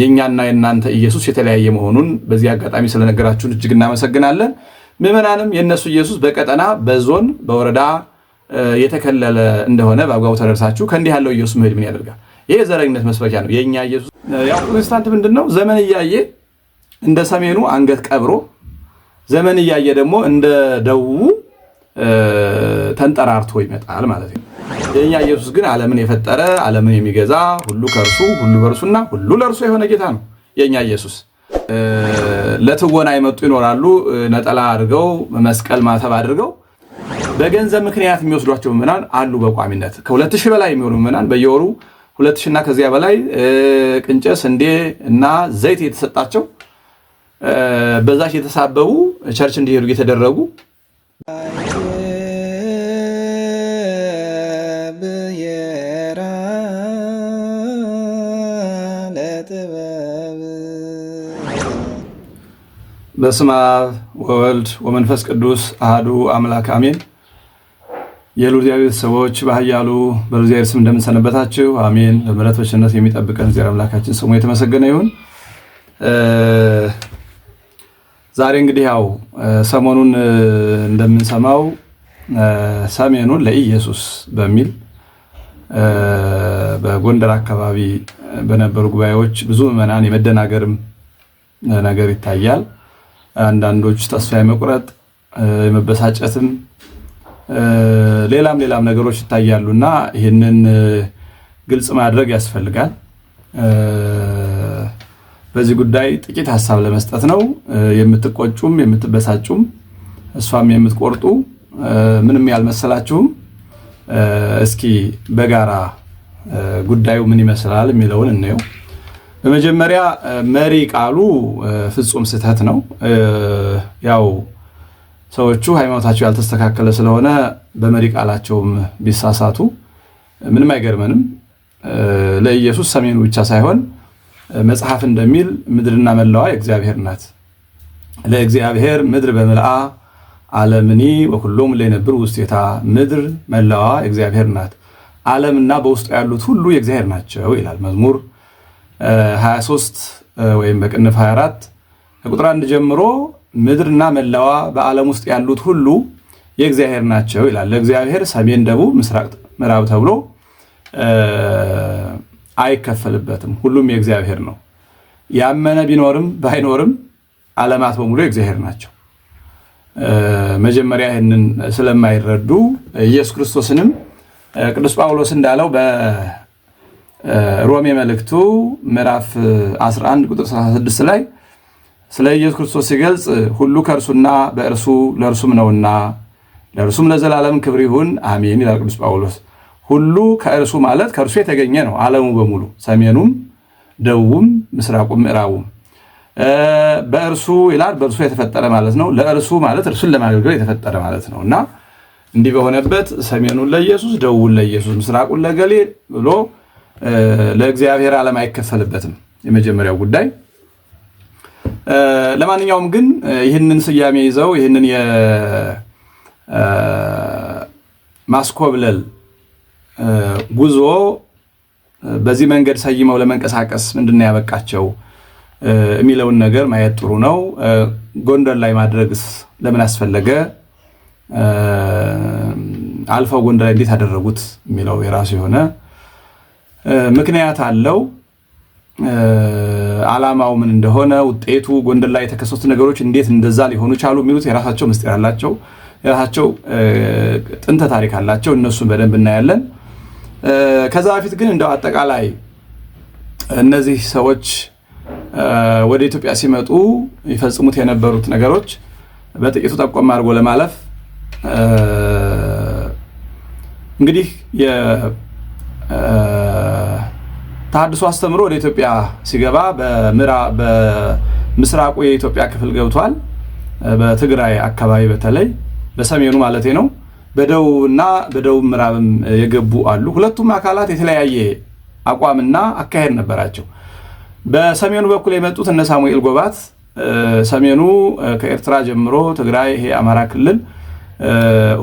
የእኛና የእናንተ ኢየሱስ የተለያየ መሆኑን በዚህ አጋጣሚ ስለነገራችሁን እጅግ እናመሰግናለን። ምዕመናንም የእነሱ ኢየሱስ በቀጠና በዞን በወረዳ የተከለለ እንደሆነ በአግባቡ ተደርሳችሁ ከእንዲህ ያለው ኢየሱስ መሄድ ምን ያደርጋል? ይሄ ዘረኝነት መስበኪያ ነው። የእኛ ኢየሱስ ያው ፕሮቴስታንት ምንድን ነው ዘመን እያየ እንደ ሰሜኑ አንገት ቀብሮ ዘመን እያየ ደግሞ እንደ ደቡቡ ተንጠራርቶ ይመጣል ማለት ነው። የእኛ ኢየሱስ ግን ዓለምን የፈጠረ ዓለምን የሚገዛ ሁሉ ከእርሱ ሁሉ በእርሱና ሁሉ ለእርሱ የሆነ ጌታ ነው። የእኛ ኢየሱስ ለትወና የመጡ ይኖራሉ። ነጠላ አድርገው መስቀል ማተብ አድርገው በገንዘብ ምክንያት የሚወስዷቸው ምዕመናን አሉ። በቋሚነት ከሁለት ሺህ በላይ የሚሆኑ ምዕመናን በየወሩ ሁለት ከዚያ በላይ ቅንጨ፣ ስንዴ እና ዘይት የተሰጣቸው በዛች የተሳበቡ ቸርች እንዲሄዱ የተደረጉ በስመ አብ ወወልድ ወመንፈስ ቅዱስ አህዱ አምላክ አሜን። የሉ እግዚአብሔር ሰዎች ባህያሉ በእግዚአብሔር ስም እንደምንሰነበታችሁ አሜን። በምሕረት በቸርነት የሚጠብቀን እግዚአብሔር አምላካችን ስሙ የተመሰገነ ይሁን። ዛሬ እንግዲህ ያው ሰሞኑን እንደምንሰማው ሰሜኑን ለኢየሱስ በሚል በጎንደር አካባቢ በነበሩ ጉባኤዎች ብዙ ምዕመናን የመደናገርም ነገር ይታያል። አንዳንዶች ተስፋ የመቁረጥ የመበሳጨትም ሌላም ሌላም ነገሮች ይታያሉ እና ይህንን ግልጽ ማድረግ ያስፈልጋል። በዚህ ጉዳይ ጥቂት ሀሳብ ለመስጠት ነው። የምትቆጩም የምትበሳጩም እሷም የምትቆርጡ ምንም ያልመሰላችሁም እስኪ በጋራ ጉዳዩ ምን ይመስላል የሚለውን እንየው። በመጀመሪያ መሪ ቃሉ ፍጹም ስህተት ነው። ያው ሰዎቹ ሃይማኖታቸው ያልተስተካከለ ስለሆነ በመሪ ቃላቸውም ቢሳሳቱ ምንም አይገርመንም። ለኢየሱስ ሰሜኑ ብቻ ሳይሆን መጽሐፍ እንደሚል ምድርና መላዋ የእግዚአብሔር ናት። ለእግዚአብሔር ምድር በምልአ ዓለምኒ ወኩሎም ለነብር ውስቴታ፣ ምድር መላዋ የእግዚአብሔር ናት፣ ዓለምና በውስጡ ያሉት ሁሉ የእግዚአብሔር ናቸው ይላል መዝሙር 23 ወይም በቅንፍ 24 ከቁጥር 1 ጀምሮ ምድርና መላዋ በዓለም ውስጥ ያሉት ሁሉ የእግዚአብሔር ናቸው ይላል። ለእግዚአብሔር ሰሜን፣ ደቡብ፣ ምስራቅ፣ ምዕራብ ተብሎ አይከፈልበትም። ሁሉም የእግዚአብሔር ነው። ያመነ ቢኖርም ባይኖርም ዓለማት በሙሉ የእግዚአብሔር ናቸው። መጀመሪያ ይህንን ስለማይረዱ ኢየሱስ ክርስቶስንም ቅዱስ ጳውሎስ እንዳለው ሮሜ መልእክቱ ምዕራፍ 11 ቁጥር 36 ላይ ስለ ኢየሱስ ክርስቶስ ሲገልጽ ሁሉ ከእርሱና በእርሱ ለእርሱም ነውና ለእርሱም ለዘላለም ክብር ይሁን አሜን ይላል ቅዱስ ጳውሎስ። ሁሉ ከእርሱ ማለት ከእርሱ የተገኘ ነው። ዓለሙ በሙሉ ሰሜኑም፣ ደቡቡም፣ ምስራቁም ምዕራቡም በእርሱ ይላል። በእርሱ የተፈጠረ ማለት ነው። ለእርሱ ማለት እርሱን ለማገልገል የተፈጠረ ማለት ነው እና እንዲህ በሆነበት ሰሜኑን ለኢየሱስ፣ ደቡቡን ለኢየሱስ፣ ምስራቁን ለገሌ ብሎ ለእግዚአብሔር ዓለም አይከፈልበትም። የመጀመሪያው ጉዳይ። ለማንኛውም ግን ይህንን ስያሜ ይዘው ይህንን የማስኮብለል ጉዞ በዚህ መንገድ ሰይመው ለመንቀሳቀስ ምንድነው ያበቃቸው የሚለውን ነገር ማየት ጥሩ ነው። ጎንደር ላይ ማድረግስ ለምን አስፈለገ? አልፈው ጎንደር ላይ እንዴት አደረጉት የሚለው የራሱ የሆነ ምክንያት አለው። አላማው ምን እንደሆነ፣ ውጤቱ ጎንደር ላይ የተከሰቱ ነገሮች እንዴት እንደዛ ሊሆኑ ቻሉ የሚሉት የራሳቸው ምስጢር አላቸው፣ የራሳቸው ጥንተ ታሪክ አላቸው። እነሱን በደንብ እናያለን። ከዛ በፊት ግን እንደው አጠቃላይ እነዚህ ሰዎች ወደ ኢትዮጵያ ሲመጡ ይፈጽሙት የነበሩት ነገሮች በጥቂቱ ጠቆም አድርጎ ለማለፍ እንግዲህ ታድሶ አስተምሮ ወደ ኢትዮጵያ ሲገባ በምስራቁ የኢትዮጵያ ክፍል ገብቷል። በትግራይ አካባቢ በተለይ በሰሜኑ ማለቴ ነው። በደቡብና በደቡብ ምዕራብም የገቡ አሉ። ሁለቱም አካላት የተለያየ አቋምና አካሄድ ነበራቸው። በሰሜኑ በኩል የመጡት እነ ሳሙኤል ጎባት ሰሜኑ ከኤርትራ ጀምሮ ትግራይ ይሄ አማራ ክልል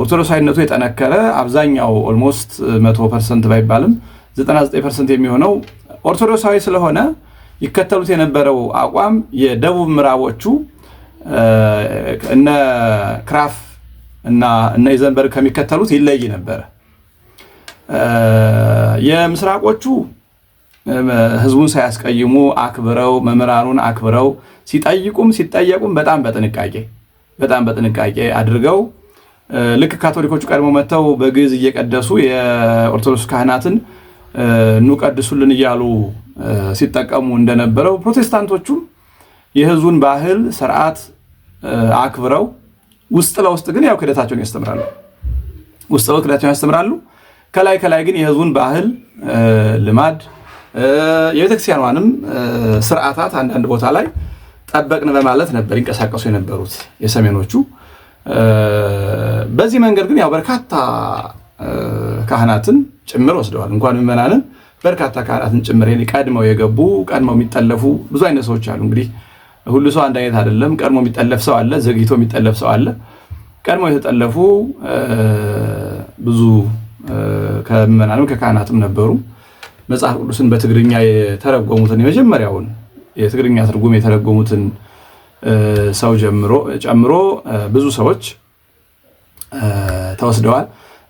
ኦርቶዶክሳዊነቱ የጠነከረ አብዛኛው ኦልሞስት መቶ ፐርሰንት ባይባልም 99 ፐርሰንት የሚሆነው ኦርቶዶክሳዊ ስለሆነ ይከተሉት የነበረው አቋም የደቡብ ምዕራቦቹ እነ ክራፍ እና እነ ኢዘንበርግ ከሚከተሉት ይለይ ነበረ። የምስራቆቹ ህዝቡን ሳያስቀይሙ አክብረው መምህራኑን አክብረው ሲጠይቁም ሲጠየቁም በጣም በጥንቃቄ በጣም በጥንቃቄ አድርገው ልክ ካቶሊኮቹ ቀድሞ መጥተው በግዕዝ እየቀደሱ የኦርቶዶክስ ካህናትን ኑ ቀድሱልን እያሉ ሲጠቀሙ እንደነበረው ፕሮቴስታንቶቹም የህዝቡን ባህል ስርዓት አክብረው ውስጥ ለውስጥ ግን ያው ክደታቸውን ያስተምራሉ። ውስጥ ለውስጥ ክደታቸውን ያስተምራሉ። ከላይ ከላይ ግን የህዝቡን ባህል ልማድ፣ የቤተክርስቲያኗንም ስርዓታት አንዳንድ ቦታ ላይ ጠበቅን በማለት ነበር ይንቀሳቀሱ የነበሩት የሰሜኖቹ። በዚህ መንገድ ግን ያው በርካታ ካህናትን ጭምር ወስደዋል። እንኳን ምዕመናንን በርካታ ካህናትን ጭምር ቀድመው የገቡ ቀድመው የሚጠለፉ ብዙ አይነት ሰዎች አሉ። እንግዲህ ሁሉ ሰው አንድ አይነት አይደለም። ቀድሞ የሚጠለፍ ሰው አለ፣ ዘግይቶ የሚጠለፍ ሰው አለ። ቀድሞ የተጠለፉ ብዙ ከምዕመናንም ከካህናትም ነበሩ። መጽሐፍ ቅዱስን በትግርኛ የተረጎሙትን የመጀመሪያውን የትግርኛ ትርጉም የተረጎሙትን ሰው ጨምሮ ብዙ ሰዎች ተወስደዋል።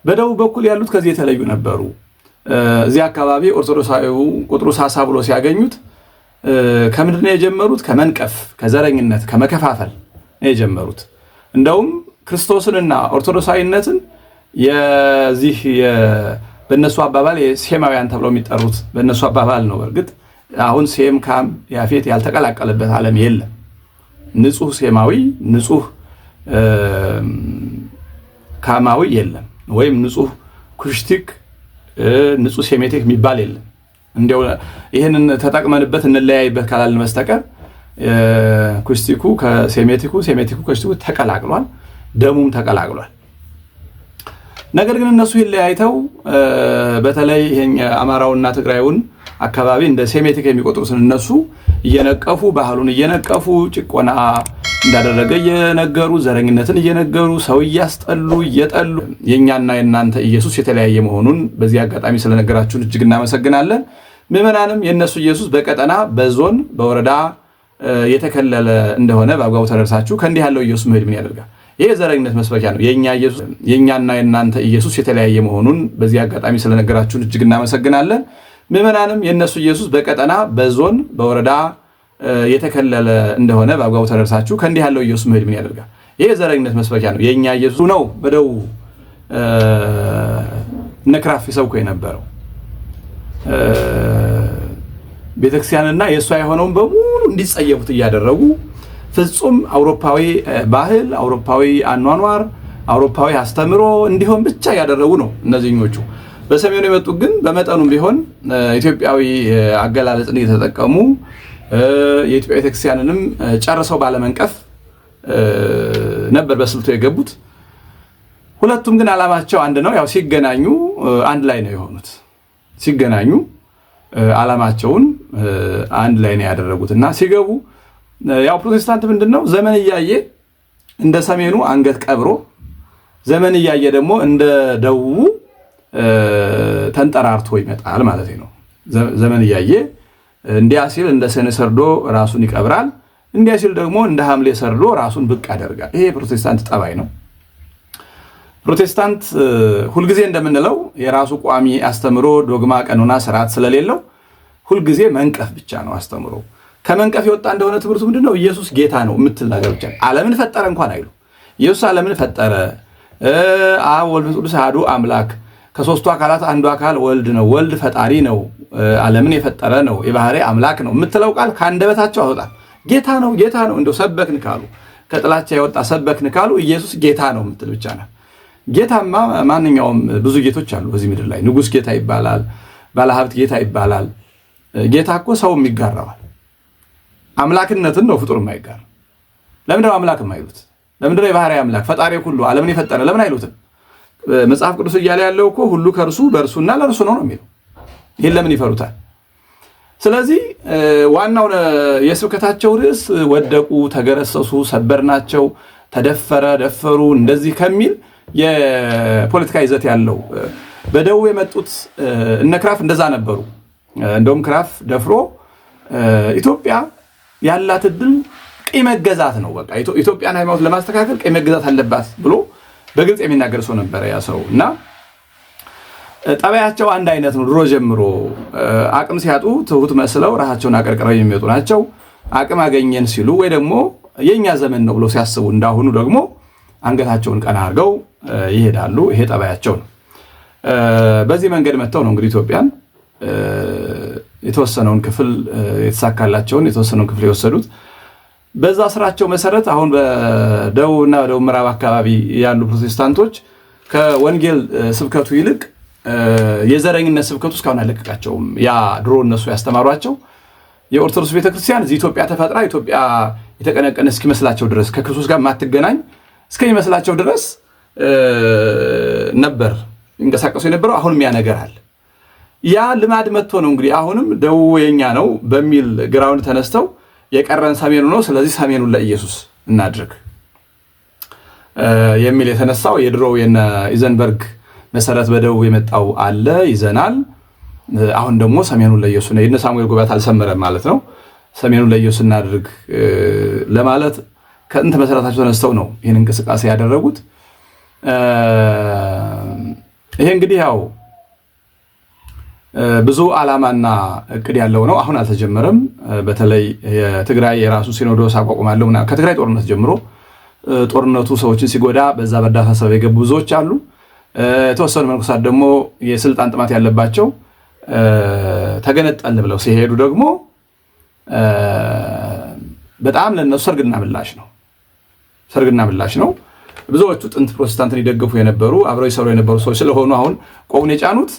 በደቡብ በኩል ያሉት ከዚህ የተለዩ ነበሩ። እዚህ አካባቢ ኦርቶዶክሳዊ ቁጥሩ ሳሳ ብሎ ሲያገኙት ከምንድን ነው የጀመሩት? ከመንቀፍ፣ ከዘረኝነት፣ ከመከፋፈል ነው የጀመሩት። እንደውም ክርስቶስንና ኦርቶዶክሳዊነትን የዚህ በእነሱ አባባል ሴማውያን ተብለው የሚጠሩት በእነሱ አባባል ነው። በእርግጥ አሁን ሴም ካም ያፌት ያልተቀላቀለበት ዓለም የለም። ንጹህ ሴማዊ፣ ንጹህ ካማዊ የለም። ወይም ንጹህ ኩሽቲክ ንጹህ ሴሜቲክ የሚባል የለም። እንዲያው ይህንን ተጠቅመንበት እንለያይበት ካላልን በስተቀር ኩሽቲኩ ከሴሜቲኩ ሴሜቲኩ ኩሽቲኩ ተቀላቅሏል፣ ደሙም ተቀላቅሏል። ነገር ግን እነሱ ይለያይተው በተለይ ይሄን አማራውና ትግራዩን አካባቢ እንደ ሴሜቲክ የሚቆጥሩትን እነሱ እየነቀፉ ባህሉን እየነቀፉ ጭቆና እንዳደረገ እየነገሩ ዘረኝነትን እየነገሩ ሰው እያስጠሉ እየጠሉ የእኛና የእናንተ ኢየሱስ የተለያየ መሆኑን በዚህ አጋጣሚ ስለነገራችሁን እጅግ እናመሰግናለን። ምዕመናንም የእነሱ ኢየሱስ በቀጠና በዞን በወረዳ የተከለለ እንደሆነ በአግባቡ ተደርሳችሁ ከእንዲህ ያለው ኢየሱስ መሄድ ምን ያደርጋል? ይህ የዘረኝነት መስበኪያ ነው። የእኛና የእናንተ ኢየሱስ የተለያየ መሆኑን በዚህ አጋጣሚ ስለነገራችሁን እጅግ እናመሰግናለን። ምዕመናንም የእነሱ ኢየሱስ በቀጠና በዞን በወረዳ የተከለለ እንደሆነ በአግባቡ ተደርሳችሁ ከእንዲህ ያለው ኢየሱስ መሄድ ምን ያደርጋል? ይህ የዘረኝነት መስበኪያ ነው። የእኛ ኢየሱስ ነው ብለው ነክራፍ ይሰብኮ የነበረው ቤተክርስቲያንና የእሷ የሆነውን በሙሉ እንዲጸየፉት እያደረጉ ፍጹም አውሮፓዊ ባህል፣ አውሮፓዊ አኗኗር፣ አውሮፓዊ አስተምሮ እንዲሆን ብቻ ያደረጉ ነው እነዚህኞቹ። በሰሜኑ የመጡት ግን በመጠኑም ቢሆን ኢትዮጵያዊ አገላለጽን እየተጠቀሙ የኢትዮጵያ ቤተክርስቲያንንም ጨርሰው ባለመንቀፍ ነበር በስልቱ የገቡት። ሁለቱም ግን አላማቸው አንድ ነው። ያው ሲገናኙ አንድ ላይ ነው የሆኑት። ሲገናኙ አላማቸውን አንድ ላይ ነው ያደረጉት እና ሲገቡ ያው ፕሮቴስታንት ምንድን ነው ዘመን እያየ እንደ ሰሜኑ አንገት ቀብሮ ዘመን እያየ ደግሞ እንደ ደቡቡ ተንጠራርቶ ይመጣል ማለት ነው። ዘመን እያየ እንዲያ ሲል እንደ ሰኔ ሰርዶ ራሱን ይቀብራል። እንዲያ ሲል ደግሞ እንደ ሐምሌ ሰርዶ ራሱን ብቅ ያደርጋል። ይሄ የፕሮቴስታንት ጠባይ ነው። ፕሮቴስታንት ሁልጊዜ እንደምንለው የራሱ ቋሚ አስተምሮ፣ ዶግማ፣ ቀኖና፣ ስርዓት ስለሌለው ሁልጊዜ መንቀፍ ብቻ ነው አስተምሮ። ከመንቀፍ የወጣ እንደሆነ ትምህርቱ ምንድን ነው? ኢየሱስ ጌታ ነው የምትል ነገር ብቻ። ዓለምን ፈጠረ እንኳን አይሉ ኢየሱስ ዓለምን ፈጠረ፣ አብ ወልድ ቅዱስ አሐዱ አምላክ ከሶስቱ አካላት አንዱ አካል ወልድ ነው። ወልድ ፈጣሪ ነው፣ ዓለምን የፈጠረ ነው፣ የባህሪ አምላክ ነው የምትለው ቃል ከአንደበታቸው አውጣም። ጌታ ነው ጌታ ነው እንደው ሰበክን ካሉ ከጥላቻ የወጣ ሰበክን ካሉ ኢየሱስ ጌታ ነው የምትል ብቻ ነው። ጌታማ ማንኛውም ብዙ ጌቶች አሉ በዚህ ምድር ላይ። ንጉስ ጌታ ይባላል፣ ባለሀብት ጌታ ይባላል። ጌታ እኮ ሰውም ይጋራዋል። አምላክነትን ነው ፍጡር የማይጋራ ለምንድነው አምላክ የማይሉት? ለምንድነው የባህሪ አምላክ ፈጣሪ ሁሉ ዓለምን የፈጠረ ለምን አይሉትም? መጽሐፍ ቅዱስ እያለ ያለው እኮ ሁሉ ከእርሱ በእርሱና ለእርሱ ነው ነው የሚለው። ይህን ለምን ይፈሩታል? ስለዚህ ዋናው የስብከታቸው ርዕስ ወደቁ፣ ተገረሰሱ፣ ሰበርናቸው፣ ተደፈረ፣ ደፈሩ እንደዚህ ከሚል የፖለቲካ ይዘት ያለው በደቡብ የመጡት እነ ክራፍ እንደዛ ነበሩ። እንደውም ክራፍ ደፍሮ ኢትዮጵያ ያላት እድል ቀይ መገዛት ነው። በቃ ኢትዮጵያን ሃይማኖት ለማስተካከል ቀይ መገዛት አለባት ብሎ በግልጽ የሚናገር ሰው ነበረ ያ ሰው እና ጠባያቸው አንድ አይነት ነው። ድሮ ጀምሮ አቅም ሲያጡ ትሁት መስለው ራሳቸውን አቀርቅረው የሚወጡ ናቸው። አቅም አገኘን ሲሉ ወይ ደግሞ የእኛ ዘመን ነው ብለው ሲያስቡ እንዳሁኑ ደግሞ አንገታቸውን ቀና አድርገው ይሄዳሉ። ይሄ ጠባያቸው ነው። በዚህ መንገድ መጥተው ነው እንግዲህ ኢትዮጵያን የተወሰነውን ክፍል የተሳካላቸውን የተወሰነውን ክፍል የወሰዱት። በዛ ስራቸው መሰረት አሁን በደቡብና እና በደቡብ ምዕራብ አካባቢ ያሉ ፕሮቴስታንቶች ከወንጌል ስብከቱ ይልቅ የዘረኝነት ስብከቱ እስካሁን አለቀቃቸውም። ያ ድሮ እነሱ ያስተማሯቸው የኦርቶዶክስ ቤተክርስቲያን እዚህ ኢትዮጵያ ተፈጥራ ኢትዮጵያ የተቀነቀነ እስኪመስላቸው ድረስ ከክርስቶስ ጋር ማትገናኝ እስከሚመስላቸው ድረስ ነበር ይንቀሳቀሱ የነበረው። አሁንም ያ ነገር አለ። ያ ልማድ መጥቶ ነው እንግዲህ አሁንም ደቡብ የኛ ነው በሚል ግራውንድ ተነስተው የቀረን ሰሜኑ ነው። ስለዚህ ሰሜኑን ለኢየሱስ እናድርግ የሚል የተነሳው የድሮው የነ ኢዘንበርግ መሰረት በደቡብ የመጣው አለ ይዘናል። አሁን ደግሞ ሰሜኑን ለኢየሱስ ነው። የነ ሳሙኤል ጉባኤት አልሰመረም ማለት ነው። ሰሜኑን ለኢየሱስ እናድርግ ለማለት ከጥንት መሰረታቸው ተነስተው ነው ይህን እንቅስቃሴ ያደረጉት። ይሄ እንግዲህ ያው ብዙ ዓላማና እቅድ ያለው ነው። አሁን አልተጀመረም። በተለይ የትግራይ የራሱ ሲኖዶስ አቋቁማለሁ ምናምን ከትግራይ ጦርነት ጀምሮ ጦርነቱ ሰዎችን ሲጎዳ በዛ በእርዳታ ሰበብ የገቡ ብዙዎች አሉ። የተወሰኑ መንኩሳት ደግሞ የስልጣን ጥማት ያለባቸው ተገነጠልን ብለው ሲሄዱ ደግሞ በጣም ለነሱ ሰርግና ምላሽ ነው። ሰርግና ምላሽ ነው። ብዙዎቹ ጥንት ፕሮቴስታንትን ይደግፉ የነበሩ አብረው ይሰሩ የነበሩ ሰዎች ስለሆኑ አሁን ቆቡን የጫኑት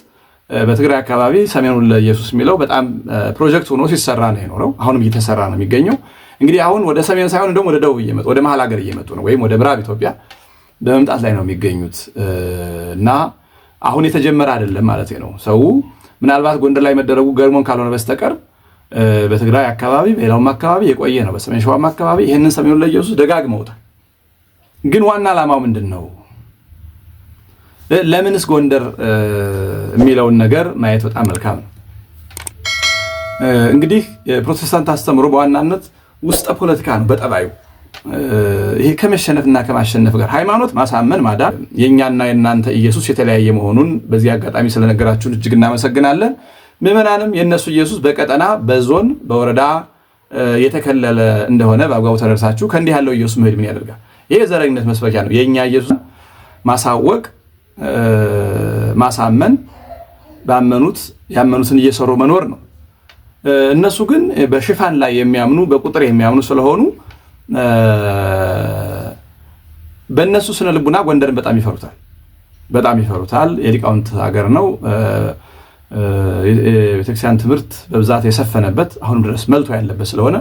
በትግራይ አካባቢ ሰሜኑን ለኢየሱስ የሚለው በጣም ፕሮጀክት ሆኖ ሲሰራ ነው የኖረው። አሁንም እየተሰራ ነው የሚገኘው። እንግዲህ አሁን ወደ ሰሜን ሳይሆን እንደውም ወደ ደቡብ እየመጡ ወደ መሀል ሀገር እየመጡ ነው፣ ወይም ወደ ምዕራብ ኢትዮጵያ በመምጣት ላይ ነው የሚገኙት እና አሁን የተጀመረ አይደለም ማለት ነው። ሰው ምናልባት ጎንደር ላይ መደረጉ ገርሞን ካልሆነ በስተቀር በትግራይ አካባቢ በሌላውም አካባቢ የቆየ ነው። በሰሜን ሸዋም አካባቢ ይህንን ሰሜኑን ለኢየሱስ ደጋግመውታል። ግን ዋና ዓላማው ምንድን ነው? ለምንስ ጎንደር የሚለውን ነገር ማየት በጣም መልካም ነው። እንግዲህ የፕሮቴስታንት አስተምሮ በዋናነት ውስጠ ፖለቲካ ነው በጠባዩ ይሄ ከመሸነፍና ከማሸነፍ ጋር ሃይማኖት ማሳመን ማዳን የእኛና የእናንተ ኢየሱስ የተለያየ መሆኑን በዚህ አጋጣሚ ስለነገራችሁን እጅግ እናመሰግናለን። ምዕመናንም የእነሱ ኢየሱስ በቀጠና በዞን በወረዳ የተከለለ እንደሆነ በአግባቡ ተደርሳችሁ ከእንዲህ ያለው ኢየሱስ መሄድ ምን ያደርጋል? ይሄ የዘረኝነት መስበኪያ ነው። የእኛ ኢየሱስ ማሳወቅ ማሳመን ባመኑት ያመኑትን እየሰሩ መኖር ነው። እነሱ ግን በሽፋን ላይ የሚያምኑ በቁጥር የሚያምኑ ስለሆኑ በእነሱ ስነ ልቡና ጎንደርን በጣም ይፈሩታል፣ በጣም ይፈሩታል። የሊቃውንት ሀገር ነው። የቤተክርስቲያን ትምህርት በብዛት የሰፈነበት አሁንም ድረስ መልቶ ያለበት ስለሆነ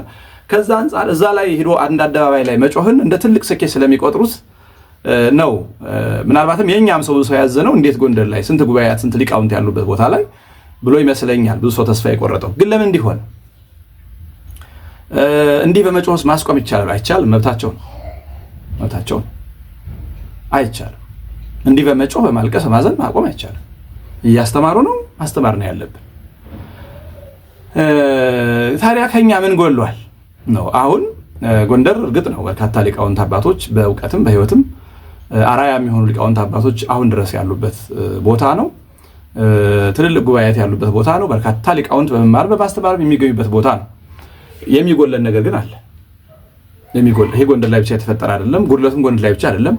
ከዛ አንጻር እዛ ላይ ሄዶ አንድ አደባባይ ላይ መጮህን እንደ ትልቅ ስኬት ስለሚቆጥሩት ነው። ምናልባትም የእኛም ሰው ሰው ያዘነው እንዴት ጎንደር ላይ ስንት ጉባኤያት ስንት ሊቃውንት ያሉበት ቦታ ላይ ብሎ ይመስለኛል ብዙ ሰው ተስፋ የቆረጠው። ግን ለምን እንዲሆን እንዲህ በመጮስ ማስቆም ይቻላል አይቻልም? መብታቸው ነው መብታቸው ነው። አይቻልም። እንዲህ በመጮህ በማልቀስ በማዘን ማቆም አይቻልም። እያስተማሩ ነው፣ ማስተማር ነው ያለብን። ታዲያ ከኛ ምን ጎሏል ነው አሁን ጎንደር እርግጥ ነው በርካታ ሊቃውንት አባቶች በእውቀትም በሕይወትም አራያ የሚሆኑ ሊቃውንት አባቶች አሁን ድረስ ያሉበት ቦታ ነው። ትልልቅ ጉባኤት ያሉበት ቦታ ነው። በርካታ ሊቃውንት በመማር በማስተማር የሚገኙበት ቦታ ነው። የሚጎለን ነገር ግን አለ። ይሄ ጎንደር ላይ ብቻ የተፈጠረ አይደለም። ጉድለቱም ጎንደር ላይ ብቻ አይደለም።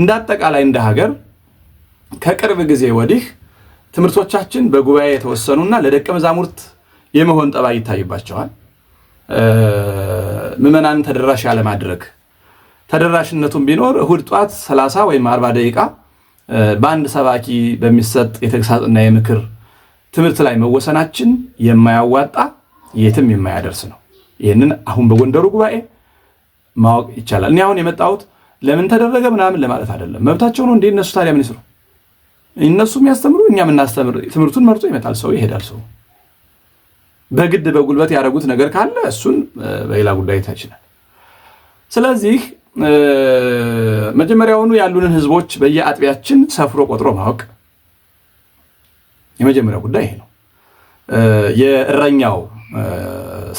እንደ አጠቃላይ እንደ ሀገር ከቅርብ ጊዜ ወዲህ ትምህርቶቻችን በጉባኤ የተወሰኑና ለደቀ መዛሙርት የመሆን ጠባይ ይታይባቸዋል። ምዕመናን ተደራሽ ያለማድረግ ተደራሽነቱን ቢኖር እሁድ ጧት 30 ወይም 40 ደቂቃ በአንድ ሰባኪ በሚሰጥ የተግሳጽና የምክር ትምህርት ላይ መወሰናችን የማያዋጣ የትም የማያደርስ ነው። ይህንን አሁን በጎንደሩ ጉባኤ ማወቅ ይቻላል። እኔ አሁን የመጣሁት ለምን ተደረገ ምናምን ለማለት አይደለም። መብታቸው ነው እንዴ እነሱ ታዲያ ምን ይስሩ? እነሱ የሚያስተምሩ እኛ የምናስተምር ትምህርቱን መርጦ ይመጣል ሰው ይሄዳል። ሰው በግድ በጉልበት ያደረጉት ነገር ካለ እሱን በሌላ ጉዳይ ይችላል። ስለዚህ መጀመሪያውኑ ያሉንን ህዝቦች በየአጥቢያችን ሰፍሮ ቆጥሮ ማወቅ የመጀመሪያው ጉዳይ ይሄ ነው። የእረኛው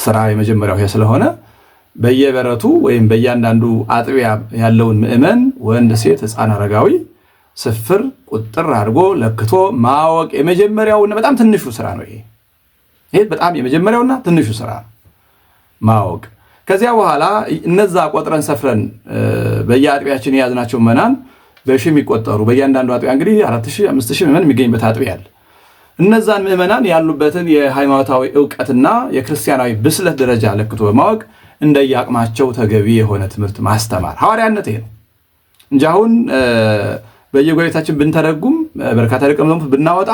ስራ የመጀመሪያው ይሄ ስለሆነ በየበረቱ ወይም በእያንዳንዱ አጥቢያ ያለውን ምዕመን ወንድ፣ ሴት፣ ህፃን፣ አረጋዊ ስፍር ቁጥር አድርጎ ለክቶ ማወቅ የመጀመሪያውና በጣም ትንሹ ስራ ነው። ይሄ ይሄ በጣም የመጀመሪያውና ትንሹ ስራ ማወቅ ከዚያ በኋላ እነዛ ቆጥረን ሰፍረን በየአጥቢያችን የያዝናቸው መናን በሺ የሚቆጠሩ በእያንዳንዱ አጥቢያ እንግዲህ አራት ሺህ አምስት ሺህ ምዕመን የሚገኝበት አጥቢያ አለ። እነዛን ምዕመናን ያሉበትን የሃይማኖታዊ እውቀትና የክርስቲያናዊ ብስለት ደረጃ ለክቶ በማወቅ እንደየአቅማቸው ተገቢ የሆነ ትምህርት ማስተማር ሐዋርያነት ይሄ ነው እንጂ አሁን በየጎቤታችን ብንተረጉም በርካታ ደቀ መዛሙርት ብናወጣ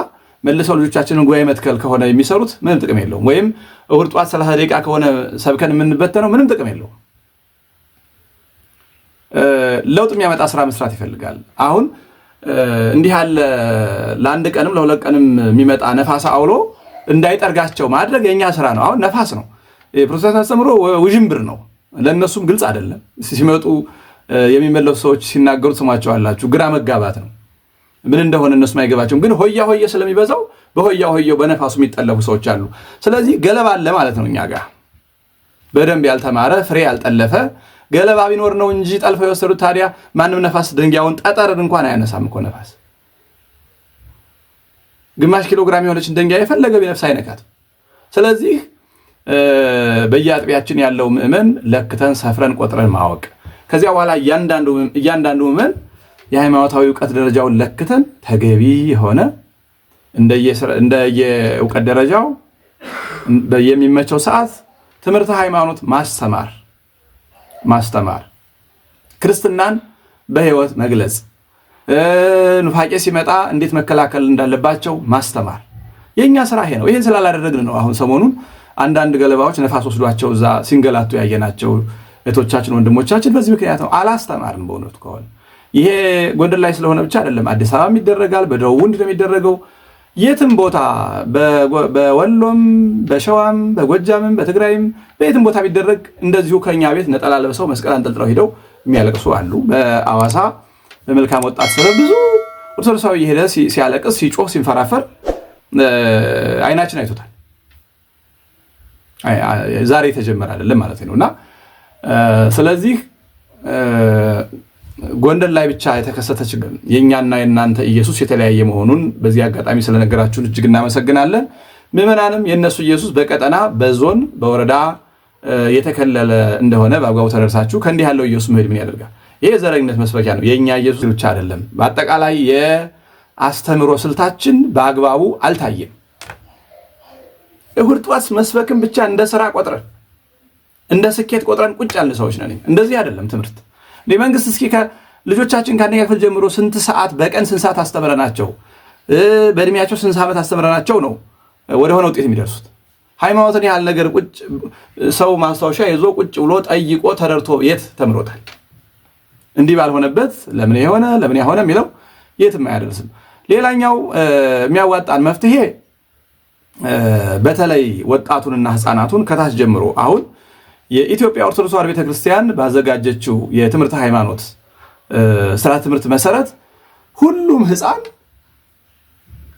መልሰው ልጆቻችንን ጉባኤ መትከል ከሆነ የሚሰሩት ምንም ጥቅም የለውም። ወይም እሁድ ጠዋት ሰላሳ ደቂቃ ከሆነ ሰብከን የምንበተነው ምንም ጥቅም የለውም። ለውጥ የሚያመጣ ስራ መስራት ይፈልጋል። አሁን እንዲህ ያለ ለአንድ ቀንም ለሁለት ቀንም የሚመጣ ነፋስ አውሎ እንዳይጠርጋቸው ማድረግ የእኛ ስራ ነው። አሁን ነፋስ ነው። የፕሮቴስታንት አስተምሮ ውዥንብር ነው። ለእነሱም ግልጽ አይደለም። ሲመጡ የሚመለሱ ሰዎች ሲናገሩት ስማቸዋላችሁ ግራ መጋባት ነው። ምን እንደሆነ እነሱም አይገባቸውም። ግን ሆያ ሆየ ስለሚበዛው በሆያ ሆየው በነፋሱ የሚጠለፉ ሰዎች አሉ። ስለዚህ ገለባ አለ ማለት ነው። እኛ ጋር በደንብ ያልተማረ ፍሬ ያልጠለፈ ገለባ ቢኖር ነው እንጂ ጠልፈው የወሰዱት። ታዲያ ማንም ነፋስ ድንጋዩን ጠጠር እንኳን አያነሳም እኮ ነፋስ። ግማሽ ኪሎ ግራም የሆነችን ድንጋይ የፈለገ ቢነፍስ አይነካት። ስለዚህ በየአጥቢያችን ያለው ምእመን ለክተን ሰፍረን ቆጥረን ማወቅ ከዚያ በኋላ እያንዳንዱ ምእመን የሃይማኖታዊ እውቀት ደረጃውን ለክተን ተገቢ የሆነ እንደየእውቀት ደረጃው የሚመቸው ሰዓት ትምህርተ ሃይማኖት ማስተማር ማስተማር ክርስትናን በህይወት መግለጽ ኑፋቄ ሲመጣ እንዴት መከላከል እንዳለባቸው ማስተማር የእኛ ስራ ይሄ ነው። ይህን ስላላደረግን ነው አሁን ሰሞኑን አንዳንድ ገለባዎች ነፋስ ወስዷቸው እዛ ሲንገላቱ ያየናቸው እህቶቻችን፣ ወንድሞቻችን በዚህ ምክንያት ነው አላስተማርን በእውነቱ ከሆነ ይሄ ጎንደር ላይ ስለሆነ ብቻ አይደለም፣ አዲስ አበባም ይደረጋል፣ በደቡብ ወንድ ነው የሚደረገው። የትም ቦታ በወሎም፣ በሸዋም፣ በጎጃምም፣ በትግራይም በየትም ቦታ ቢደረግ እንደዚሁ ከኛ ቤት ነጠላ ለብሰው መስቀል አንጠልጥለው ሄደው የሚያለቅሱ አሉ። በአዋሳ በመልካም ወጣት ስለ ብዙ ኦርቶዶክሳዊ የሄደ ሲያለቅስ፣ ሲጮህ፣ ሲንፈራፈር አይናችን አይቶታል። ዛሬ የተጀመረ አይደለም ማለት ነው እና ስለዚህ ጎንደር ላይ ብቻ የተከሰተ ችግር የእኛና የእናንተ ኢየሱስ የተለያየ መሆኑን በዚህ አጋጣሚ ስለነገራችሁን እጅግ እናመሰግናለን። ምዕመናንም የእነሱ ኢየሱስ በቀጠና በዞን በወረዳ የተከለለ እንደሆነ በአግባቡ ተደርሳችሁ ከእንዲህ ያለው ኢየሱስ መሄድ ምን ያደርጋል? ይህ የዘረኝነት መስበኪያ ነው። የእኛ ኢየሱስ ብቻ አይደለም። በአጠቃላይ የአስተምህሮ ስልታችን በአግባቡ አልታየም። እሁድ ጠዋት መስበክን ብቻ እንደ ስራ ቆጥረን እንደ ስኬት ቆጥረን ቁጭ ያልን ሰዎች ነን። እንደዚህ አይደለም ትምህርት እኔ መንግስት እስኪ ልጆቻችን ከአንደኛ ክፍል ጀምሮ ስንት ሰዓት በቀን ስንት ሰዓት አስተምረናቸው በእድሜያቸው ስንት ዓመት አስተምረናቸው ነው ወደሆነ ውጤት የሚደርሱት? ሃይማኖትን ያህል ነገር ቁጭ ሰው ማስታወሻ ይዞ ቁጭ ብሎ ጠይቆ ተረድቶ የት ተምሮታል? እንዲህ ባልሆነበት ለምን የሆነ ለምን ያሆነ የሚለው የትም አያደርስም። ሌላኛው የሚያዋጣን መፍትሄ በተለይ ወጣቱንና ህፃናቱን ከታች ጀምሮ አሁን የኢትዮጵያ ኦርቶዶክስ ተዋሕዶ ቤተክርስቲያን ባዘጋጀችው የትምህርት ሃይማኖት ስራ ትምህርት መሰረት ሁሉም ህፃን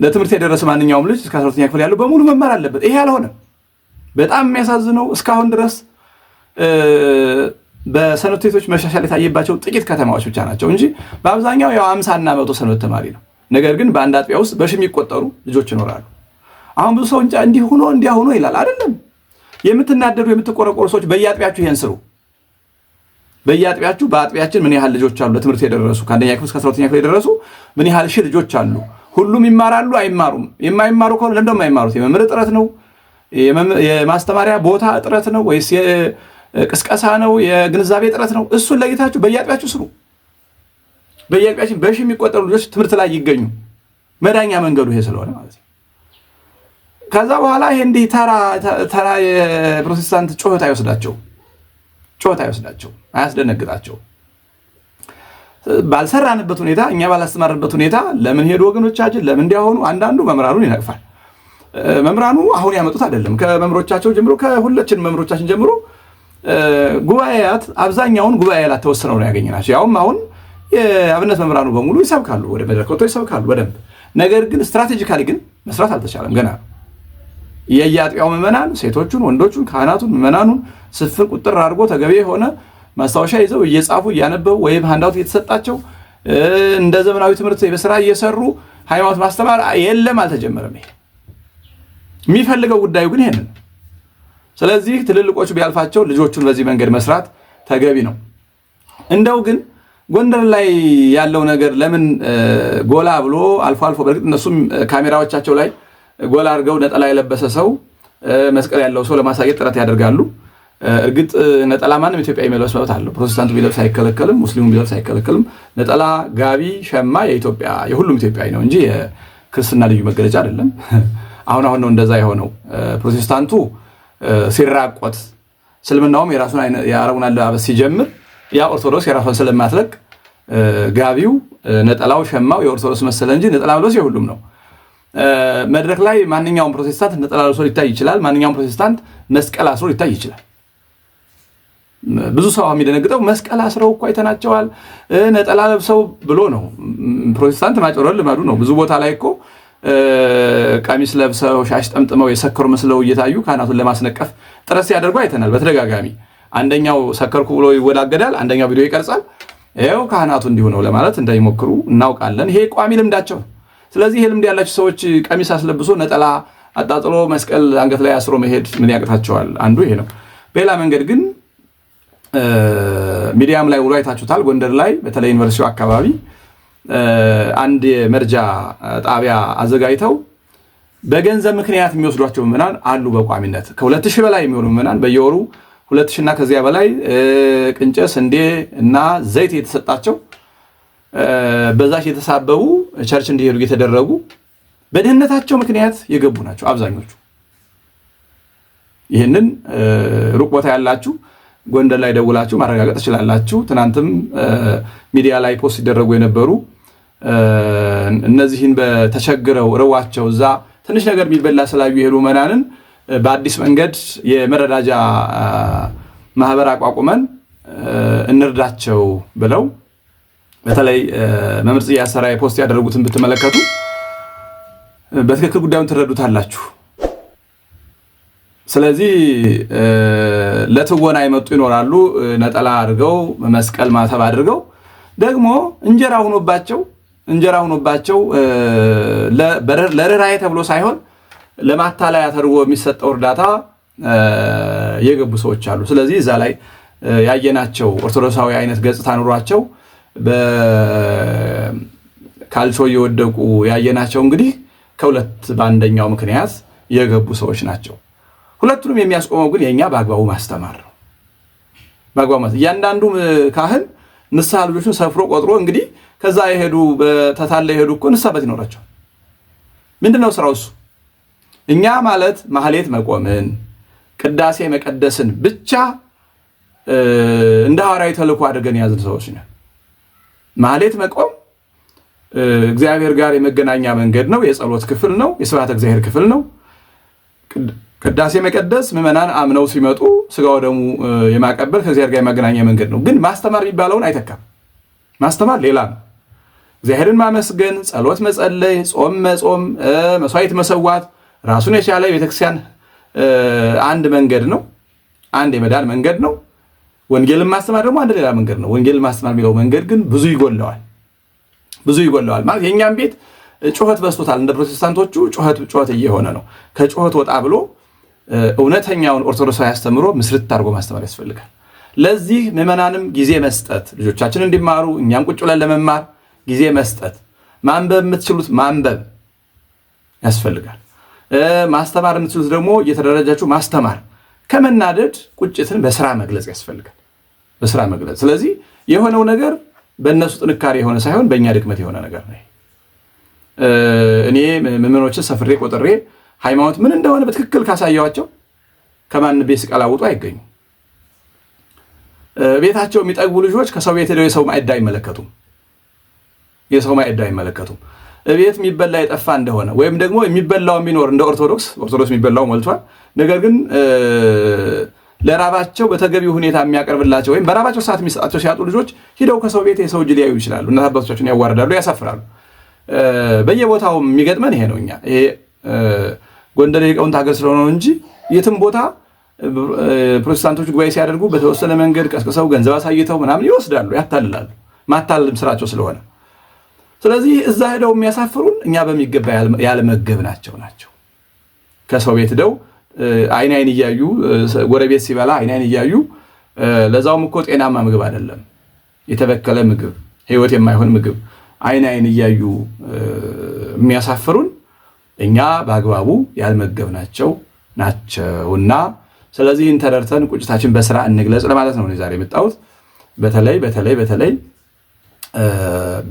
ለትምህርት የደረሰ ማንኛውም ልጅ እስከ 12ኛ ክፍል ያለው በሙሉ መማር አለበት። ይሄ አልሆነም። በጣም የሚያሳዝነው እስካሁን ድረስ በሰንበት ቤቶች መሻሻል የታየባቸው ጥቂት ከተማዎች ብቻ ናቸው እንጂ በአብዛኛው ያው አምሳና መቶ ሰንበት ተማሪ ነው። ነገር ግን በአንድ አጥቢያ ውስጥ በሺ የሚቆጠሩ ልጆች ይኖራሉ። አሁን ብዙ ሰው እንዲህ ሆኖ እንዲያ ሆኖ ይላል አይደለም የምትናደዱ የምትቆረቆሩ ሰዎች በየአጥቢያችሁ ይሄን ስሩ። በየአጥቢያችሁ በአጥቢያችን ምን ያህል ልጆች አሉ ለትምህርት የደረሱ ከአንደኛ ክፍል እስከ አስራ ሁለተኛ ክፍል የደረሱ ምን ያህል ሺህ ልጆች አሉ? ሁሉም ይማራሉ? አይማሩም? የማይማሩ ከሆነ ለምደ የማይማሩት የመምህር እጥረት ነው? የማስተማሪያ ቦታ እጥረት ነው ወይስ የቅስቀሳ ነው? የግንዛቤ እጥረት ነው? እሱን ለይታችሁ በየአጥቢያችሁ ስሩ። በየአጥቢያችን በሺህ የሚቆጠሩ ልጆች ትምህርት ላይ ይገኙ። መዳኛ መንገዱ ይሄ ስለሆነ ማለት ነው። ከዛ በኋላ ይሄ እንዲህ ተራ የፕሮቴስታንት ጩኸት አይወስዳቸው ጩኸት አይወስዳቸው፣ አያስደነግጣቸው። ባልሰራንበት ሁኔታ እኛ ባላስተማርንበት ሁኔታ ለምን ሄዱ ወገኖቻችን ለምን እንዲያሆኑ። አንዳንዱ መምህራኑን ይነቅፋል። መምህራኑ አሁን ያመጡት አይደለም። ከመምህሮቻቸው ጀምሮ ከሁለችን መምህሮቻችን ጀምሮ ጉባኤያት አብዛኛውን ጉባኤ ላት ተወስነው ነው ያገኘናቸው። ያውም አሁን የአብነት መምህራኑ በሙሉ ይሰብካሉ፣ ወደ መድረክ ወጥተው ይሰብካሉ በደንብ ነገር ግን ስትራቴጂካሊ ግን መስራት አልተቻለም ገና የየአጥቢያው ምዕመናን ሴቶቹን፣ ወንዶቹን፣ ካህናቱን፣ ምዕመናኑን ስፍር ቁጥር አድርጎ ተገቢ የሆነ ማስታወሻ ይዘው እየጻፉ እያነበቡ ወይም አንዳት እየተሰጣቸው እንደ ዘመናዊ ትምህርት በስራ እየሰሩ ሃይማኖት ማስተማር የለም፣ አልተጀመረም። ይሄ የሚፈልገው ጉዳዩ ግን ይሄንን። ስለዚህ ትልልቆቹ ቢያልፋቸው ልጆቹን በዚህ መንገድ መስራት ተገቢ ነው። እንደው ግን ጎንደር ላይ ያለው ነገር ለምን ጎላ ብሎ አልፎ አልፎ በእርግጥ እነሱም ካሜራዎቻቸው ላይ ጎል አድርገው ነጠላ የለበሰ ሰው መስቀል ያለው ሰው ለማሳየት ጥረት ያደርጋሉ። እርግጥ ነጠላ ማንም ኢትዮጵያ መልበስ መብት አለው። ፕሮቴስታንቱ ቢለብስ አይከለከልም፣ ሙስሊሙ ቢለብስ አይከለከልም። ነጠላ፣ ጋቢ፣ ሸማ የኢትዮጵያ የሁሉም ኢትዮጵያዊ ነው እንጂ የክርስትና ልዩ መገለጫ አይደለም። አሁን አሁን ነው እንደዛ የሆነው። ፕሮቴስታንቱ ሲራቆት፣ እስልምናውም የራሱን የአረቡን አለባበስ ሲጀምር ያ ኦርቶዶክስ የራሷን ስለማትለቅ ጋቢው፣ ነጠላው፣ ሸማው የኦርቶዶክስ መሰለ እንጂ ነጠላ መልበስ የሁሉም ነው። መድረክ ላይ ማንኛውም ፕሮቴስታንት ተጠላልሶ ሊታይ ይችላል። ማንኛውም ፕሮቴስታንት መስቀል አስሮ ሊታይ ይችላል። ብዙ ሰው የሚደነግጠው መስቀል አስረው እኮ አይተናቸዋል ነጠላ ለብሰው ብሎ ነው። ፕሮቴስታንት ማጭረር ልማዱ ነው። ብዙ ቦታ ላይ እኮ ቀሚስ ለብሰው ሻሽ ጠምጥመው የሰከሩ መስለው እየታዩ ካህናቱን ለማስነቀፍ ጥረት ሲያደርጉ አይተናል በተደጋጋሚ። አንደኛው ሰከርኩ ብሎ ይወላገዳል፣ አንደኛው ቪዲዮ ይቀርጻል። ይኸው ካህናቱ እንዲሁ ነው ለማለት እንዳይሞክሩ እናውቃለን። ይሄ ቋሚ ልምዳቸው ስለዚህ ልምድ ያላቸው ሰዎች ቀሚስ አስለብሶ ነጠላ አጣጥሎ መስቀል አንገት ላይ አስሮ መሄድ ምን ያቅታቸዋል? አንዱ ይሄ ነው። በሌላ መንገድ ግን ሚዲያም ላይ ውሎ አይታችሁታል። ጎንደር ላይ በተለይ ዩኒቨርሲቲው አካባቢ አንድ የመርጃ ጣቢያ አዘጋጅተው በገንዘብ ምክንያት የሚወስዷቸው ምዕመናን አሉ። በቋሚነት ከሁለት ሺህ በላይ የሚሆኑ ምዕመናን በየወሩ ሁለት ሺህ እና ከዚያ በላይ ቅንጨ፣ ስንዴ እና ዘይት የተሰጣቸው በዛች የተሳበቡ ቸርች እንዲሄዱ የተደረጉ በድህነታቸው ምክንያት የገቡ ናቸው አብዛኞቹ። ይህንን ሩቅ ቦታ ያላችሁ ጎንደር ላይ ደውላችሁ ማረጋገጥ ትችላላችሁ። ትናንትም ሚዲያ ላይ ፖስት ሲደረጉ የነበሩ እነዚህን በተቸግረው ርዋቸው እዛ ትንሽ ነገር የሚበላ ስላዩ የሄዱ መናንን በአዲስ መንገድ የመረዳጃ ማህበር አቋቁመን እንርዳቸው ብለው በተለይ መምህር ጽያ ፖስት ያደረጉትን ብትመለከቱ በትክክል ጉዳዩን ትረዱታላችሁ። ስለዚህ ለትወና የመጡ ይኖራሉ። ነጠላ አድርገው መስቀል ማተብ አድርገው ደግሞ እንጀራ ሆኖባቸው እንጀራ ሆኖባቸው ለርኅራኄ ተብሎ ሳይሆን ለማታለያ ተደርጎ የሚሰጠው እርዳታ የገቡ ሰዎች አሉ። ስለዚህ እዛ ላይ ያየናቸው ኦርቶዶክሳዊ አይነት ገጽታ ኑሯቸው በካልቾ እየወደቁ ያየናቸው እንግዲህ ከሁለት በአንደኛው ምክንያት የገቡ ሰዎች ናቸው። ሁለቱንም የሚያስቆመው ግን የእኛ በአግባቡ ማስተማር ነው። በአግባቡ እያንዳንዱ ካህን ንስሐ ልጆቹን ሰፍሮ ቆጥሮ እንግዲህ ከዛ የሄዱ በተታለ የሄዱ እኮ ንስሐ በት ይኖራቸው ምንድን ነው ስራው? እሱ እኛ ማለት ማህሌት መቆምን ቅዳሴ መቀደስን ብቻ እንደ ሐዋርያዊ ተልእኮ አድርገን የያዝን ሰዎች ነን። ማለት መቆም እግዚአብሔር ጋር የመገናኛ መንገድ ነው። የጸሎት ክፍል ነው። የስብሐተ እግዚአብሔር ክፍል ነው። ቅዳሴ መቀደስ ምዕመናን አምነው ሲመጡ ስጋ ወደሙ የማቀበል ከእግዚአብሔር ጋር የማገናኛ መንገድ ነው። ግን ማስተማር የሚባለውን አይተካም። ማስተማር ሌላ ነው። እግዚአብሔርን ማመስገን፣ ጸሎት መጸለይ፣ ጾም መጾም፣ መስዋዕት መሰዋት ራሱን የቻለ ቤተክርስቲያን አንድ መንገድ ነው። አንድ የመዳን መንገድ ነው። ወንጌልን ማስተማር ደግሞ አንድ ሌላ መንገድ ነው። ወንጌልን ማስተማር የሚለው መንገድ ግን ብዙ ይጎለዋል፣ ብዙ ይጎለዋል ማለት የእኛም ቤት ጩኸት በስቶታል እንደ ፕሮቴስታንቶቹ ጩኸት ጩኸት እየሆነ ነው። ከጩኸት ወጣ ብሎ እውነተኛውን ኦርቶዶክሳዊ አስተምሮ ምስርት አድርጎ ማስተማር ያስፈልጋል። ለዚህ ምዕመናንም ጊዜ መስጠት፣ ልጆቻችን እንዲማሩ እኛም ቁጭ ብለን ለመማር ጊዜ መስጠት፣ ማንበብ የምትችሉት ማንበብ ያስፈልጋል። ማስተማር የምትችሉት ደግሞ እየተደረጃችሁ ማስተማር፣ ከመናደድ ቁጭትን በስራ መግለጽ ያስፈልጋል። በስራ መግለጽ። ስለዚህ የሆነው ነገር በእነሱ ጥንካሬ የሆነ ሳይሆን በእኛ ድክመት የሆነ ነገር ነው። እኔ ምዕመኖችን ሰፍሬ ቆጥሬ ሃይማኖት ምን እንደሆነ በትክክል ካሳየዋቸው ከማን ቤት ስቀላውጡ አይገኙም። ቤታቸው የሚጠግቡ ልጆች ከሰው ቤት ሄደው የሰው ማዕድ አይመለከቱም። የሰው ማዕድ አይመለከቱም። ቤት የሚበላ የጠፋ እንደሆነ ወይም ደግሞ የሚበላው የሚኖር እንደ ኦርቶዶክስ ኦርቶዶክስ የሚበላው ሞልቷል። ነገር ግን ለራባቸው በተገቢ ሁኔታ የሚያቀርብላቸው ወይም በራባቸው ሰዓት የሚሰጣቸው ሲያጡ ልጆች ሂደው ከሰው ቤት የሰው እጅ ሊያዩ ይችላሉ። እናት አባቶቻቸውን ያዋርዳሉ፣ ያሳፍራሉ። በየቦታው የሚገጥመን ይሄ ነው። እኛ ይሄ ጎንደር የቀውንት ሀገር ስለሆነ እንጂ የትም ቦታ ፕሮቴስታንቶች ጉባኤ ሲያደርጉ በተወሰነ መንገድ ቀስቅሰው ገንዘብ አሳይተው ምናምን ይወስዳሉ፣ ያታልላሉ። ማታልልም ስራቸው ስለሆነ ስለዚህ እዛ ሄደው የሚያሳፍሩን እኛ በሚገባ ያልመገብ ናቸው ናቸው ከሰው ቤት ሄደው አይን አይን እያዩ ጎረቤት ሲበላ አይን አይን እያዩ ለዛውም እኮ ጤናማ ምግብ አይደለም፣ የተበከለ ምግብ፣ ህይወት የማይሆን ምግብ አይን አይን እያዩ የሚያሳፍሩን እኛ በአግባቡ ያልመገብናቸው ናቸውና ስለዚህን ተረድተን ቁጭታችን በስራ እንግለጽ ለማለት ነው ዛሬ የመጣሁት። በተለይ በተለይ በተለይ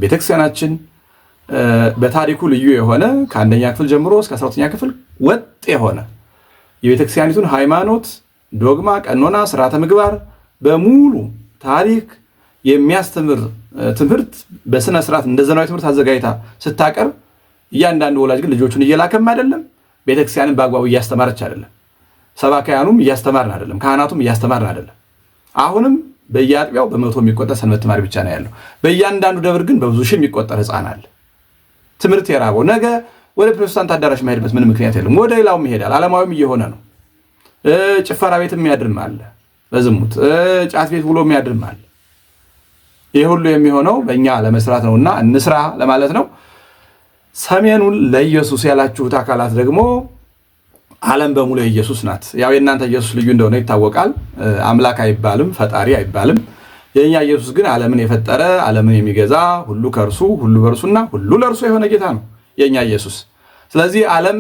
ቤተክርስቲያናችን በታሪኩ ልዩ የሆነ ከአንደኛ ክፍል ጀምሮ እስከ አስራተኛ ክፍል ወጥ የሆነ የቤተክርስቲያኒቱን ሃይማኖት፣ ዶግማ፣ ቀኖና፣ ስርዓተ ምግባር በሙሉ ታሪክ የሚያስተምር ትምህርት በስነ ስርዓት እንደ ዘመናዊ ትምህርት አዘጋጅታ ስታቀርብ፣ እያንዳንዱ ወላጅ ግን ልጆቹን እየላከም አይደለም፣ ቤተክርስቲያንን በአግባቡ እያስተማረች አይደለም፣ ሰባካያኑም እያስተማርን አይደለም፣ ካህናቱም እያስተማርን አይደለም። አሁንም በየአጥቢያው በመቶ የሚቆጠር ሰንበት ተማሪ ብቻ ነው ያለው። በእያንዳንዱ ደብር ግን በብዙ ሺህ የሚቆጠር ህፃን አለ። ትምህርት የራበው ነገ ወደ ፕሮቴስታንት አዳራሽ ማሄድበት ምን ምክንያት የለም። ወደ ሌላውም ይሄዳል። ዓለማዊም እየሆነ ነው። ጭፈራ ቤት የሚያድርም አለ፣ በዝሙት ጫት ቤት ውሎ የሚያድርም አለ። ይህ ሁሉ የሚሆነው በእኛ ለመስራት ነውና እንስራ ለማለት ነው። ሰሜኑን ለኢየሱስ ያላችሁት አካላት ደግሞ ዓለም በሙሉ የኢየሱስ ናት። ያው የእናንተ ኢየሱስ ልዩ እንደሆነ ይታወቃል። አምላክ አይባልም፣ ፈጣሪ አይባልም። የእኛ ኢየሱስ ግን ዓለምን የፈጠረ ዓለምን የሚገዛ ሁሉ ከእርሱ ሁሉ በእርሱና ሁሉ ለእርሱ የሆነ ጌታ ነው። የእኛ ኢየሱስ። ስለዚህ ዓለም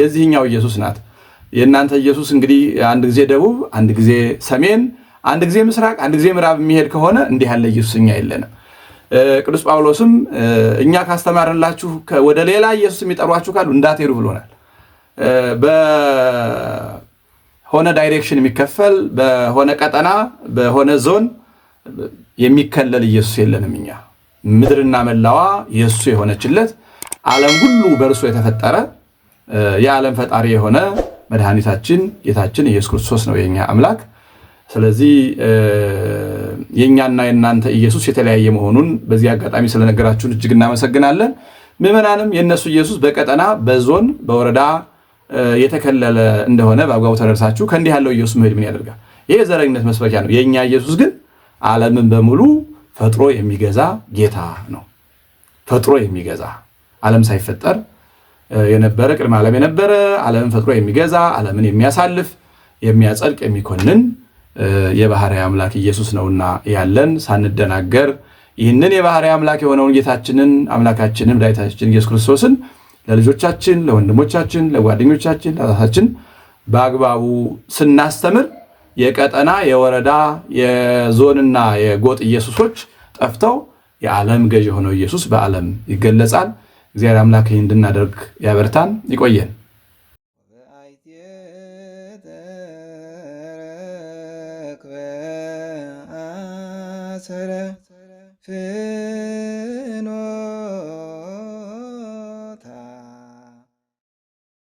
የዚህኛው ኢየሱስ ናት። የእናንተ ኢየሱስ እንግዲህ አንድ ጊዜ ደቡብ፣ አንድ ጊዜ ሰሜን፣ አንድ ጊዜ ምስራቅ፣ አንድ ጊዜ ምዕራብ የሚሄድ ከሆነ እንዲህ ያለ ኢየሱስ እኛ የለንም። ቅዱስ ጳውሎስም እኛ ካስተማርንላችሁ ወደ ሌላ ኢየሱስ የሚጠሯችሁ ካሉ እንዳትሄዱ ብሎናል። በሆነ ዳይሬክሽን የሚከፈል በሆነ ቀጠና በሆነ ዞን የሚከለል ኢየሱስ የለንም። እኛ ምድርና መላዋ የእሱ የሆነችለት ዓለም ሁሉ በእርሱ የተፈጠረ የዓለም ፈጣሪ የሆነ መድኃኒታችን ጌታችን ኢየሱስ ክርስቶስ ነው የኛ አምላክ። ስለዚህ የእኛና የእናንተ ኢየሱስ የተለያየ መሆኑን በዚህ አጋጣሚ ስለነገራችሁን እጅግ እናመሰግናለን። ምዕመናንም የእነሱ ኢየሱስ በቀጠና በዞን በወረዳ የተከለለ እንደሆነ በአግባቡ ተደርሳችሁ ከእንዲህ ያለው ኢየሱስ መሄድ ምን ያደርጋል? ይሄ የዘረኝነት መስበኪያ ነው። የእኛ ኢየሱስ ግን ዓለምን በሙሉ ፈጥሮ የሚገዛ ጌታ ነው። ፈጥሮ የሚገዛ ዓለም ሳይፈጠር የነበረ ቅድመ ዓለም የነበረ ዓለምን ፈጥሮ የሚገዛ ዓለምን የሚያሳልፍ የሚያጸድቅ የሚኮንን የባህርይ አምላክ ኢየሱስ ነውና ያለን ሳንደናገር ይህንን የባህርይ አምላክ የሆነውን ጌታችንን አምላካችንን መድኃኒታችን ኢየሱስ ክርስቶስን ለልጆቻችን፣ ለወንድሞቻችን፣ ለጓደኞቻችን፣ ለራሳችን በአግባቡ ስናስተምር የቀጠና የወረዳ የዞንና የጎጥ ኢየሱሶች ጠፍተው የዓለም ገዥ የሆነው ኢየሱስ በዓለም ይገለጻል። እግዚአብሔር አምላክ ይህ እንድናደርግ ያበርታን፣ ይቆየን።